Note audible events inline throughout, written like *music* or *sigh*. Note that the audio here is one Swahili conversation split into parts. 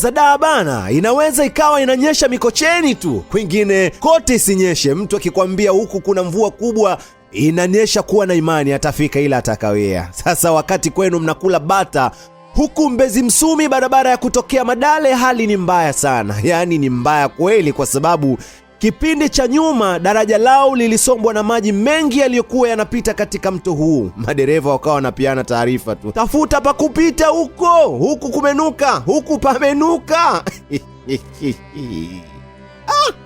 za daa bana, inaweza ikawa inanyesha Mikocheni tu, kwingine kote isinyeshe. Mtu akikwambia huku kuna mvua kubwa inanyesha, kuwa na imani, atafika ila atakawia. Sasa wakati kwenu mnakula bata huku Mbezi Msumi, barabara ya kutokea Madale, hali ni mbaya sana, yaani ni mbaya kweli, kwa sababu Kipindi cha nyuma daraja lao lilisombwa na maji mengi yaliyokuwa yanapita katika mto huu. Madereva wakawa wanapiana taarifa tu, tafuta pa kupita huko, huku kumenuka, huku pamenuka. ah! *laughs* *laughs*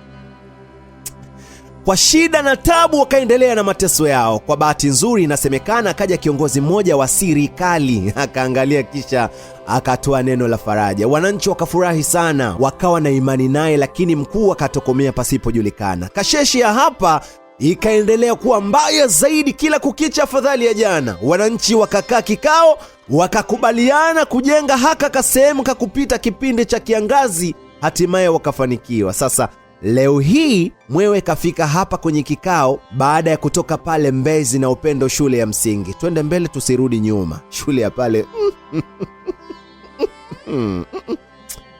Kwa shida na tabu wakaendelea na mateso yao. Kwa bahati nzuri, inasemekana akaja kiongozi mmoja wa serikali *laughs* akaangalia, kisha akatoa neno la faraja. Wananchi wakafurahi sana, wakawa na imani naye, lakini mkuu akatokomea pasipojulikana. Kasheshi ya hapa ikaendelea kuwa mbaya zaidi kila kukicha, afadhali ya jana. Wananchi wakakaa kikao, wakakubaliana kujenga haka kasehemu kakupita kipindi cha kiangazi, hatimaye wakafanikiwa sasa Leo hii mwewe kafika hapa kwenye kikao baada ya kutoka pale Mbezi na Upendo shule ya msingi. Twende mbele tusirudi nyuma, shule ya pale *laughs*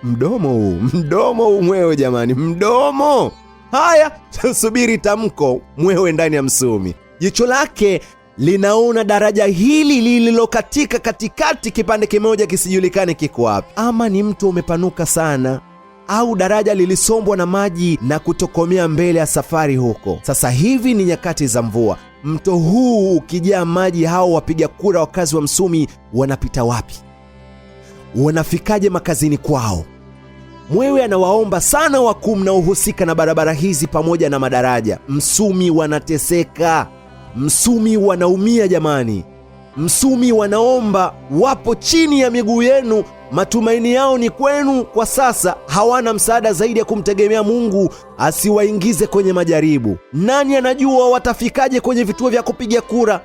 mdomo huu, mdomo huu mwewe, jamani, mdomo. Haya, subiri tamko mwewe ndani ya msumi. Jicho lake linaona daraja hili lililokatika katikati, kipande kimoja kisijulikane kiko wapi, ama ni mtu umepanuka sana au daraja lilisombwa na maji na kutokomea mbele ya safari huko. Sasa hivi ni nyakati za mvua, mto huu ukijaa maji, hao wapiga kura wakazi wa Msumi wanapita wapi? Wanafikaje makazini kwao? Mwewe anawaomba sana wakuu mnaohusika na barabara hizi pamoja na madaraja. Msumi wanateseka, Msumi wanaumia jamani. Msumi wanaomba, wapo chini ya miguu yenu, matumaini yao ni kwenu. Kwa sasa hawana msaada zaidi ya kumtegemea Mungu asiwaingize kwenye majaribu. Nani anajua watafikaje kwenye vituo vya kupiga kura?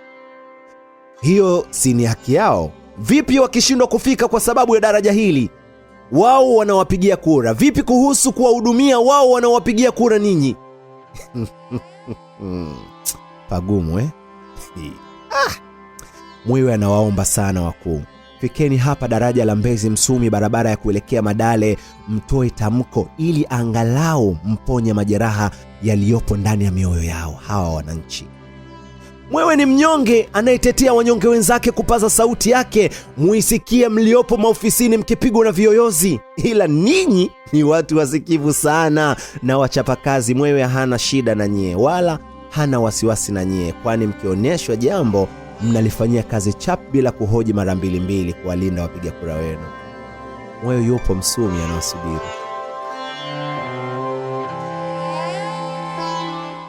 Hiyo si ni haki yao? Vipi wakishindwa kufika kwa sababu ya daraja hili? Wao wanawapigia kura. Vipi kuhusu kuwahudumia wao wanawapigia kura ninyi? *laughs* Pagumu eh? *laughs* Ah mwiwe anawaomba sana wakuu, fikeni hapa daraja la Mbezi Msumi, barabara ya kuelekea Madale, mtoe tamko ili angalau mponye majeraha yaliyopo ndani ya mioyo yao hawa wananchi. Mwewe ni mnyonge anayetetea wanyonge wenzake, kupaza sauti yake, muisikie mliopo maofisini mkipigwa na viyoyozi, ila ninyi ni watu wasikivu sana na wachapakazi. Mwewe hana shida na nyie, wala hana wasiwasi na nyie, kwani mkionyeshwa jambo mnalifanyia kazi chap bila kuhoji mara mbili mbili kuwalinda wapiga kura wenu. Moyo yupo Msumi anaosubiri.